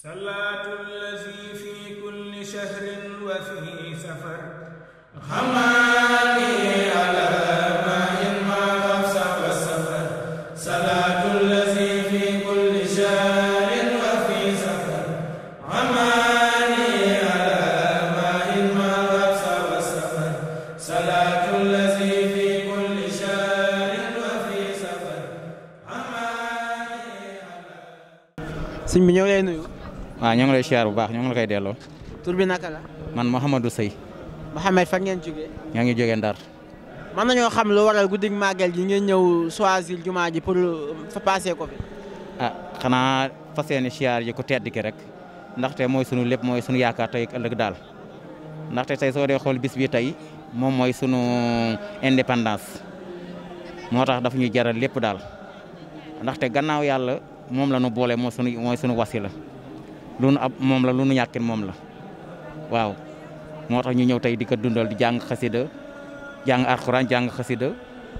salaatu allazi fi kulli shahrin wa fi safar xamaani ala mahin ma xabsa wa safar salaatu allazi fi kulli shahrin wa fi safar xamaani ala mahin ma xabsa wa safar salaatu allazi fi kulli shahrin wa fi safar xamaani ala sëñ bi ñëw lay nuyu waa ñoo ngi lay siyaar bu baax ñoo ngi la koy delloo. tur bi naka la. man Mouhamadou Seye. Mouhamed fa ngeen jógee. ñoo ngi jógee Ndar. mën nañoo xam lu waral guddig màggal gi ngeen ñëw choisir jumaa ji pour euh, fa passé ko fi. ah xanaa fas yéene siyaar ji ko tedd ki rek ndaxte mooy sunu lépp mooy sunu yaakaar tey ëllëg daal ndaxte tey soo dee xool bis tey moom mooy sunu indépendance moo tax daf ñuy jaral lépp daal ndaxte gannaaw yàlla moom la nu boole mooy sunu mooy sunu wasila. lu nu ab moom la lu nu ñàkkin moom la waaw moo tax ñu ñëw tey di ko dundal di jàng xasida jàng alxuraan jàng xasida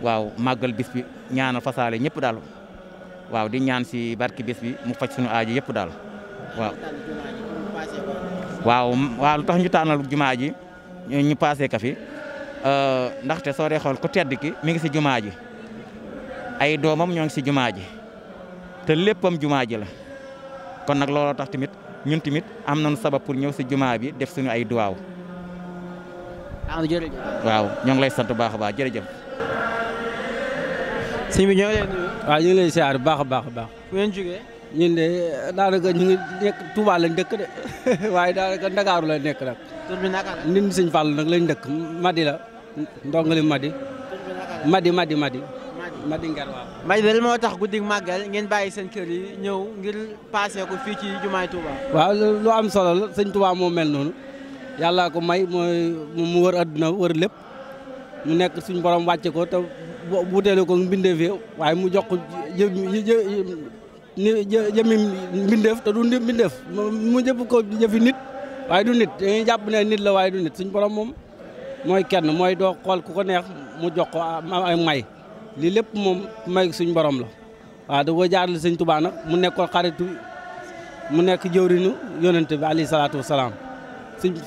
waaw màggal bis bi ñaanal fasaale ñëpp daal waaw di ñaan si barki bis bi mu faj suñu aajo yëpp daal waaw. waaw lu tax ñu tànnal jumaa ji ñu paase kafi fi euh, ndaxte soo dee xool ku tedd ki mi ngi si jumaa ji ay doomam ñoo ngi si jumaa ji te léppam jumaa ji la kon nag looloo tax tamit. ñun tamit am nañu sabab pour ñëw si jumaa bi def suñu ay duwaaw. Ah, waaw ñoo ngi lay sant bu baax a baax jërëjëf. sëñ bi ñoo ngi lay nuyu. waaw ñu lay siyaar bu baax a baax a baax. fu ngeen jógee. ñun de daanaka ñu ngi nekk Touba lañ dëkk de waaye daanaka Ndakaaru lañ nekk nag. tur bi naka la nit ñi sëñ Fall nag lañ dëkk Madi la ndongali Madi. Madi Madi Madi. Madinguer waaw. Malbel moo tax guddig màggal ngeen bàyyi seen kër yi ñëw ngir paase ko fii ci jumaay Touba. waaw lu am solo la sëñ Touba moo mel noonu yàlla ko may mooy mu wër adduna wër lépp mu nekk suñu borom wàcce ko te wuteele ko mbindeef waaye mu jox ko jë jëmi mbindeef te du mbindeef mu jëpp ko jëfi nit waaye du nit dañuy jàpp ne nit la waaye du nit suñu borom moom mooy kenn mooy doo xool ku ko neex mu jox ko ah, li lépp moom may suñ borom la waaw da ko jaarale sëñ Tuubaa mu nekkoon xaritu mu nekk jëwriñu yonent bi alayhi salaatu wasalaam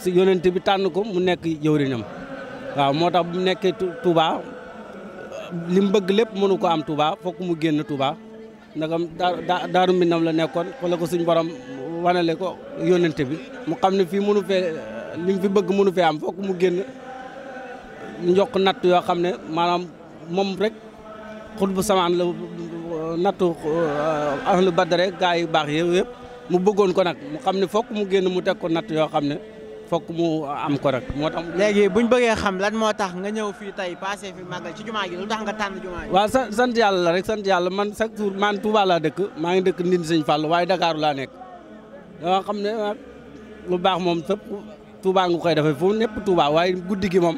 si yonent bi tànn ko mu nekk jëwriñam waaw moo tax mu nekkee Tuubaa li mu bëgg lépp mënu ko am tubaa fokk mu génn Tuubaa ndagam daaru mbindam la nekkoon wala ko suñ borom wanale ko yonent bi mu xam ne fii mënu fee li mu fi bëgg mënu fee am fokk mu génn njokk natt yoo xam ne maanaam moom rek bu samaan la nattu eh, ahlu badare gaa yu baax yëpp yëpp mu bëggoon ko nag mu xam ne fokk mu génn mu teg ko natt yoo xam ne fokk mu am ko rek moo tax. léegi bu ñu xam lan moo tax nga ñëw fii tey passé fi màggal ci jumaa gi lu tax nga tànn jumaa gi. waaw sant rek sant man chaque jour man Touba laa dëkk maa ngi dëkk Ndindi Sëñ Fall waaye Dakar laa nekk dama xam ne lu baax moom sëpp Touba nga koy defee foofu ñëpp Touba waaye guddi gi moom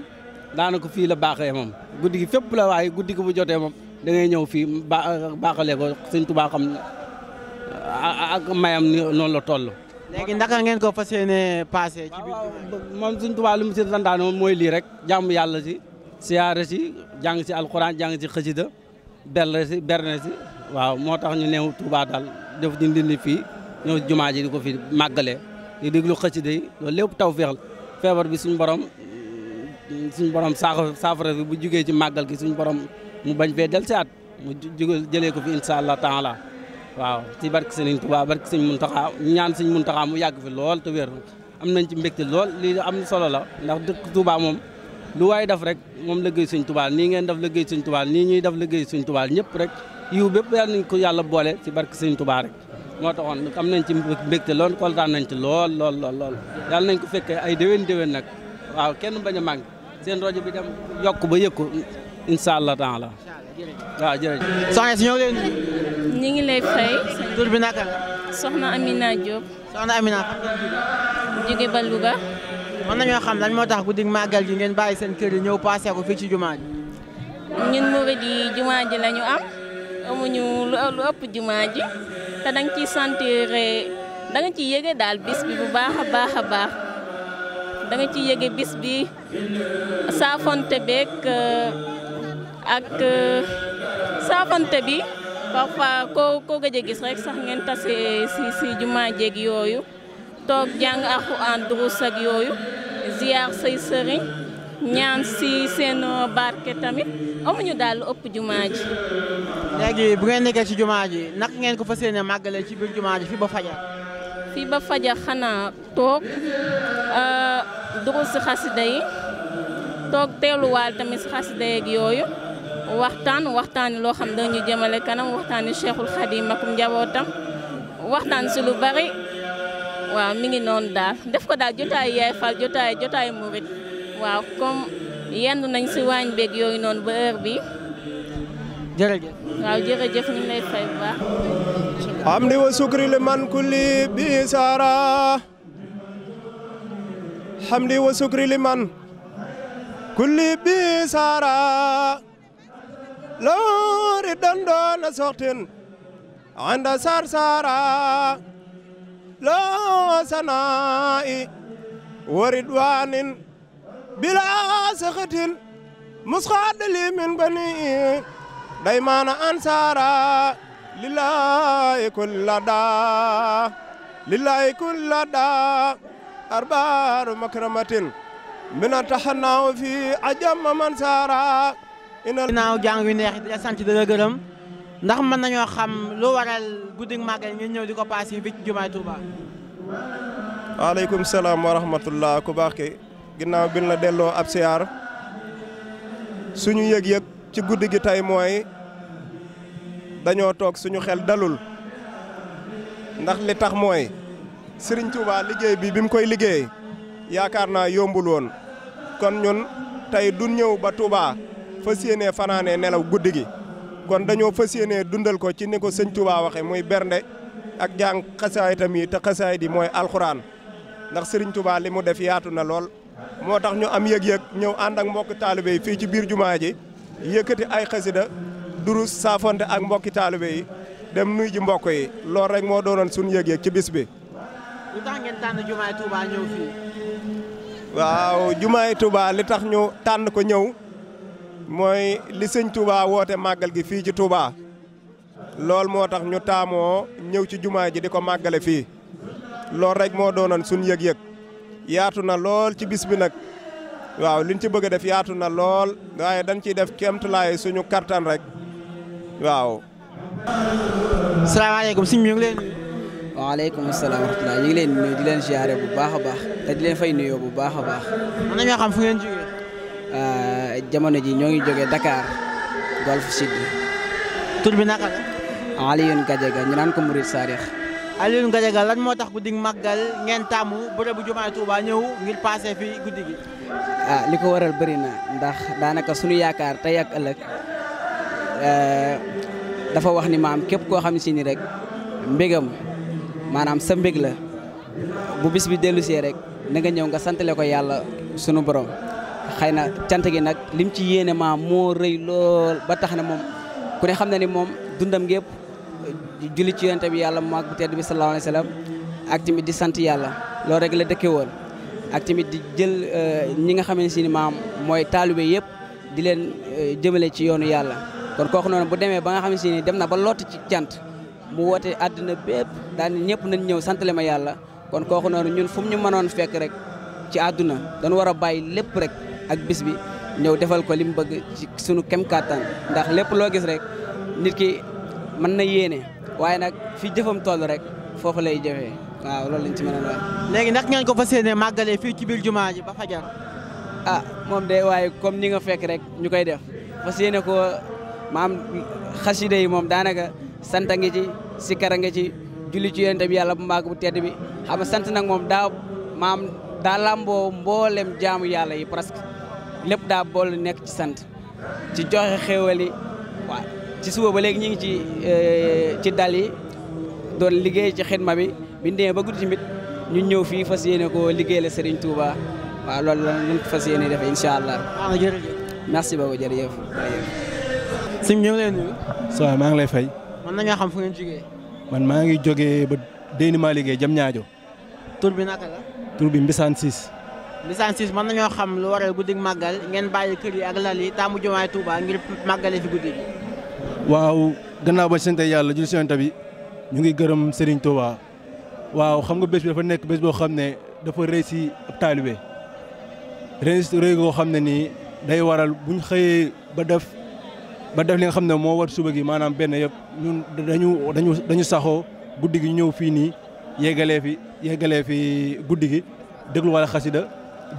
daanaka fii la baaxee moom guddi gi fépp la waaye guddi gi bu jotee moom. da ngay ñëw fii baax baaxale ko sëñ Tuubaa xam ak mayam noonu la toll. léegi naka ngeen ko fas yéenee passé. ci biir moom sëñ Tuubaa lu mu si santaane moom mooy lii rek jàmm yàlla si. siyaare si jàng si alxuraan jàng si xasida berle si berne si waaw moo tax ñu neew Tuubaa daal def ñu dindi fi ñëw jumaa ji di ko fi màggalee di déglu xasida yi loolu lépp taw la feebar bi suñu borom suñu borom saafara bi bu jugee ci màggal gi suñu borom. mu bañ fee del si at mu jugal jëlee ko fi incha allah taala waaw ci barke Sëriñ Tuubaa barke Sëriñ Muntaxa ñaan Sëriñ Muntaxa mu yàgg fi lool te wér am nañ ci mbégte lool lii am solo la ndax dëkk Tuubaa moom lu waay def rek moom liggéey Sëriñ Tuubaa nii ngeen def liggéey Sëriñ Tuubaa nii ñuy def liggéey Sëriñ Tuubaa ñëpp rek yiw bépp yàlla nañ ko yàlla boole ci barke Sëriñ Tuubaa rek moo taxoon am nañ ci mbégte lool kontaan nañ ci lool lool lool lool yàlla nañ ku fekkee ay déwén déwén nag waaw kenn bañ a màgg seen rajo bi yokk ba ko incha allah taala waaw jërëjëf. soxna si ñoo ngi leen ñu bi naka la. soxna Amina Diop. soxna Amina. jóge ba Louga. mën nañoo xam lan moo tax guddi màggal gi ngeen bàyyi seen kër yi ñëw paase ko fii ci jumaa ji. ñun murid yi jumaa ji lañu am amuñu lu ëpp jumaa ji te da ci ciy sentir da nga daal bis bi bu baax a baax a baax da bis bi saafonte beeg. ak euh, saafante bi parfois ko koo gëj a gis rek sax ngeen tase si si jeeg yooyu toog jàng alxuraan durus ak yooyu ziyaar say sëriñ ñaan si seen barke tamit amuñu daal ëpp jumaa ji. léegi bu ngeen nekkee ci jumaa ji naka ngeen ko fa yéene màggale ci biir jumaa ji ba fajar. fii ba fajar xanaa toog euh, durus si xasida yi toog teeluwaal tamit si xasida yeeg yooyu. waxtaan waxtaani loo xam dañu jëmale kanam waxtaani Cheikhul Khadim makum njabootam waxtaan si lu bari waaw mi ngi noonu daal def ko daal jotaayu yaay fal jotaayu jotaayu murit waaw comme yendu nañ si waañ beeg yooyu noonu ba heure bi jërëjëf waaw jërëjëf ñu lay fay bu baax hamdi wa sukri li man kulli bi saara loori dandoona soxtin anda sarsara loo sanaa'i wa ridwaanin bilaa saxatin musxaadali min bani daymaana ansaara lillahi kulla daa lillahi kulla daa arbaaru makramatin min ataxannaaw fi ajamma mansaara ginnaaw jàng wi neex di sant di la gërëm ndax man nañoo xam lu waral guddi màggal ngeen ñëw di ko paas yi fii ci jumaay Touba. waaleykum salaam wa rahmatullah ku baax ki ginnaaw bi la delloo ab siyaar suñu yëg-yëg ci guddi gi tey mooy dañoo toog suñu xel dalul ndax li tax mooy Serigne Touba liggéey bi bi mu koy liggéey yaakaar naa yombul woon kon ñun tey du ñëw ba Touba. fas yéenee fanaanee nelaw guddi gi kon dañoo fas yéenee dundal ko ci ni ko sëñ Touba waxee muy bernde ak jàng xasaay tamit te xasaay di mooy alxuraan ndax sëriñ Touba li mu def yaatu na lool. moo tax ñu am yëg-yëg ñëw ànd ak mbokki taalibe yi fii ci biir jumaa ji yëkkati ay xasida durus saafonte ak mbokki taalibe yi dem nuy ji mbokk yi loolu rek moo doonoon suñu yëg-yëg ci bis bi. lu tax ngeen tànn jumaay Touba ñëw fii. waaw jumaay Touba li tax ñu tànn ko ñëw. mooy li sëñ Touba woote màggal gi fii ci Touba loolu moo tax ñu taamoo ñëw ci jumaa ji di ko màggale fii loolu rek moo doonoon suñ yëg-yëg yaatu na lool ci bis bi nag waaw liñ ci bëgg a def yaatu na lool waaye dañ ciy def kéemtulaay suñu kattan rek waaw. salaamaaleykum sëñ bi ñu ngi leen waaleykum salaam wa rahmatulah ñu ngi leen nuyu di leen ziare bu baax a baax te di leen fay nuyoo bu baax a baax. mën nañoo xam fu ngeen jógee. Ah, jamono ji ñoo ngi jógee dakaar Golf Sud. tur bi naka la. Alioune Gadiaga ñu naan ko Mouride Sarix. Alioune Gadiaga lan moo tax guddi màggal ngeen taamu bu jumaay Touba ñëw ngir passé fi guddi gi. ah li ko waral bëri na ndax daanaka suñu yaakaar tey ak ëllëg eh, dafa wax ni maam képp koo xam si ni rek mbégam maanaam sa mbég la bu bis bi dellusee rek na nga ñëw nga santale ko yàlla sunu borom. xëy na cant gi nag lim ci yéene maam moo rëy lool ba tax na moom ku ne xam na ni moom dundam gépp julli ci yonent bi yàlla maag bu bi sallallahu alayhi wa sallam ak tamit di sant yàlla loolu rek la dëkkee woon ak tamit di jël euh, ñi nga xam ne si ni maam mooy taalibe yëpp di leen euh, jëmale ci yoonu yàlla kon kooku noonu bu demee ba nga xam ne si ni dem na ba loot ci cant mu woote àddina bépp daal ñëpp nañ ñëw santale ma yàlla kon kooku noonu ñun fu mu ñu mënoon fekk rek ci àdduna war a bàyyi lépp rek ak bisbi bi ñëw defal ko li mu bëgg ci sunu kem kàttan ndax lépp loo gis rek nit ki mën na yéene waaye nag fi jëfam toll rek foofu lay jëfee waaw loolu lañ ci mën a wax. léegi ndax ko fas yéene màggalee fii ci biir jumaa ji ba fajar. ah moom de waaye comme ni nga fekk rek ñu koy def fas yéene ko maam xasida yi moom daanaka sant a ngi ci sikkar a ngi ci julli ci yonent bi yàlla bu màgg bu tedd bi xam sant nag moom daa maam daa làmboo mboolem jaamu yàlla yi presque. lépp daa bool nekk ci sant ci joxe xéewal yi ci suba ba léegi ñu ngi ci eh, ci dal yi doon liggéey ci xidma bi biñ demee ba guddi tamit ñu ñëw fii fas yéene ko liggéey la Serigne Touba waaw loolu la ñu fas yéene def incha allah. waaw jërëjëf. merci beaucoup jërëjëf. sëñ bi ñu ngi lay nuyu. maa ngi lay fay. man nañoo xam fu ngeen jógee. man maa ngi jóge ba déy ni maa liggéey jam ñaajo. tur bi naka la. tur bi Mbisaan Siis. licences man nañoo xam lu waral guddig màggal ngeen bàyyi kër yi ak lal yi taamu jumaay Touba ngir màggale fi guddi gi. waaw gannaaw ba sant yàlla julli sant bi ñu ngi gërëm Serigne Touba waaw xam nga bés bi dafa nekk bés boo xam ne dafa rëy si ab taalibe rëy rëy goo xam ne nii day waral bu ñu xëyee ba def ba def li nga xam ne moo war suba gi maanaam benn yëpp ñun dañu dañu dañu saxoo guddi gi ñëw fii nii yeggalee fi yeggalee fi guddi gi déglu wala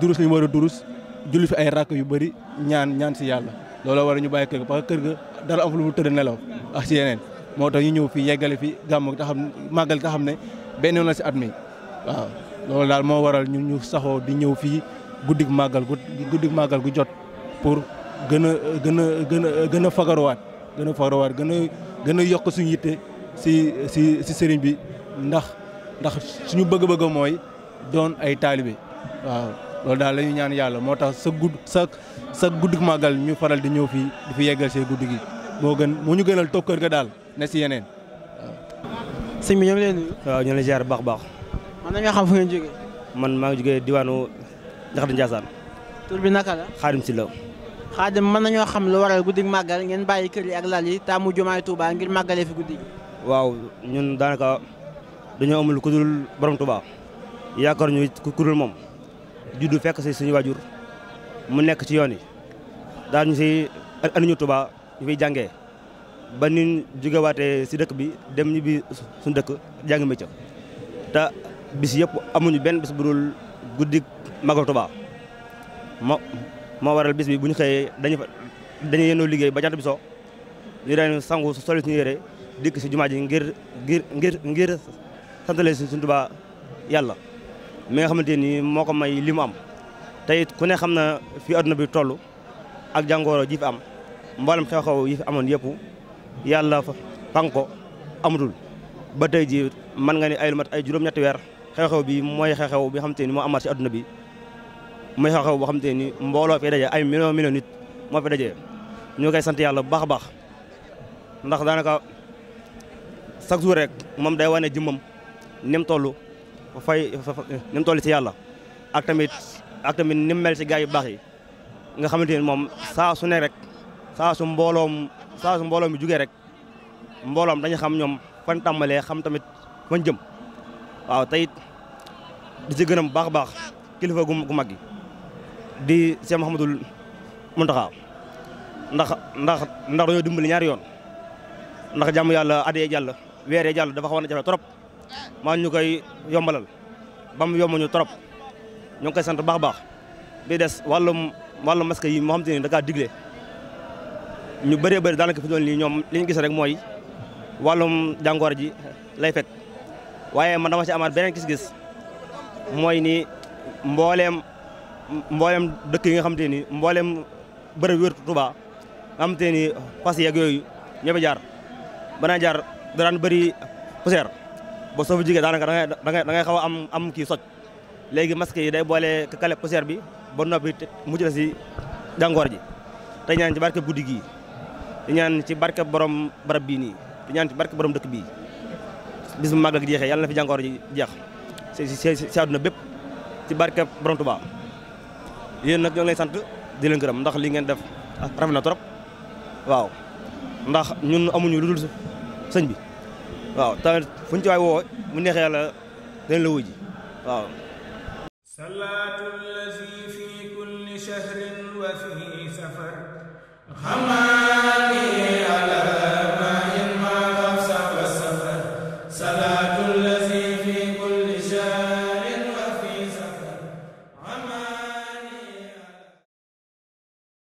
durus li ñu war a durus julli fi ay rakk yu bari ñaan ñaan si yàlla looloo wara ñu bàyyi kër ga parce ga dara am lu mu nelaw a si yeneen moo tax ñu ñëw fi yeggale fi gàmm ta xam màggal ta xam ne benn la si at mi waaw loolu daal moo waral ñun ñu saxoo di ñëw fii guddig màggal guddig màggal gu jot pour gën a gën a gën a gën a fagaruwaat gën a fagaruwaat gën a gën a yokk suñu yitte si si si sëriñ bi ndax ndax suñu bëgg-bëgg mooy doon ay taalibe waaw loolu daal la ñaan yàlla moo tax sa gudd sa sa gudd màggal ñu faral di ñëw fii di fi yeggal see gudd gi moo gën moo ñu gënal toog kër ga daal na si yeneen waaw. sëñ bi ñoo ngi leen nuyu. waaw ñoo ngi baax baax. man nañoo xam fu ngeen jógee. man maa ngi jógee diwaanu Ndiakhate Ndiassane. tur bi naka la. si la. Xaadim mën ñoo xam lu waral guddi màggal ngeen bàyyi kër yi ak lal yi taamu jumaay Touba ngir màggalee fi guddi waaw ñun daanaka dañoo amul ku dul borom Touba yaakaar ñu ku moom juddu fekk si suñu waajur mu nekk ci yoon yi daal ñu si andi ñu tuba ñu fiy jàngee ba ni jógewaatee si dëkk bi dem ñibbi suñu dëkk jàng métier te bis yëpp amuñ benn bis bu dul guddi magal tuba moo moo waral bis bi bu ñu xëyee dañu fa dañu yéenoo liggéey ba jant bi so ñu daan sangu soli suñu yére dikk si jumaa ji ngir ngir ngir ngir santale suñu Tuubaa yàlla mi xamante ni moo ko may li mu am te it ku ne xam na fi adduna bi toll ak jàngoro ji fi am mboolem xew-xew yi fi amoon yëpp yàlla fan ko amatul ba tey ji mën nga ne ay lu ay juróom-ñetti weer xew-xew bi mooy xew-xew bi xamante ni moo amaat si adduna bi muy xew-xew boo xamante ni mbooloo fi daje ay million million moo fi daje ñu koy sant yàlla bu baax a baax ndax daanaka chaque jour rek moom day wane jëmmam ni mu toll fay ni mu toll si yàlla ak tamit ak tamit ni mel si gars yu baax yi nga xamante ni moom saa su ne rek saa su mbooloom saa su mbooloom bi jugee rek mbooloom dañu xam ñoom fan tàmbalee xam tamit fan jëm waaw tey di si gërëm baax a baax kilifa gu gu mag gi di Cheikh Mouhamadoul Mountakha ndax ndax ndax dañoo dimbali ñaari yoon ndax jàmm yàlla at yee jàll weer yee jàll dafa xawoon a jafe trop maa ñu koy yombalal ba mu yomb ñu trop ñu ngi koy sant baax baax bi des wàllum wàllum masque yi moo xam te ne digle ñu bëree bëri daanaka fi doon lii ñoom li ñu gis rek mooy wàllum jàngoor ji lay fekk waaye man dama ci amaat beneen gis-gis mooy ni mbooleem mbooleem dëkk yi nga xam te ni mbooleem bërëb wér Tuubaa nga xam te ni fas yeeg yooyu ñëpp jaar banaa jaar daraan bëri poussière ba soo fi jugee daanaka da da ngay xaw am am kii soj léegi masque yi day boole kale poussière bi ba noppi mujj la si jàngoor ji te ñaan ci barke guddi gii di ñaan ci barke borom barab bii nii di ñaan ci barke borom dëkk bii bis bu màggal gi jeexee yàlla na fi jàngoor ji jeex si si àdduna bépp ci barke borom Tuubaa yéen nag ñoo ngi lay sant di leen ndax li ngeen def rafet na trop waaw ndax ñun amuñu lu dul sëñ bi waaw tamit fu ñu ci waay woo mu neexee la dañ la wuji waaw salaatu allazi fi kulli shahrin wa fi safar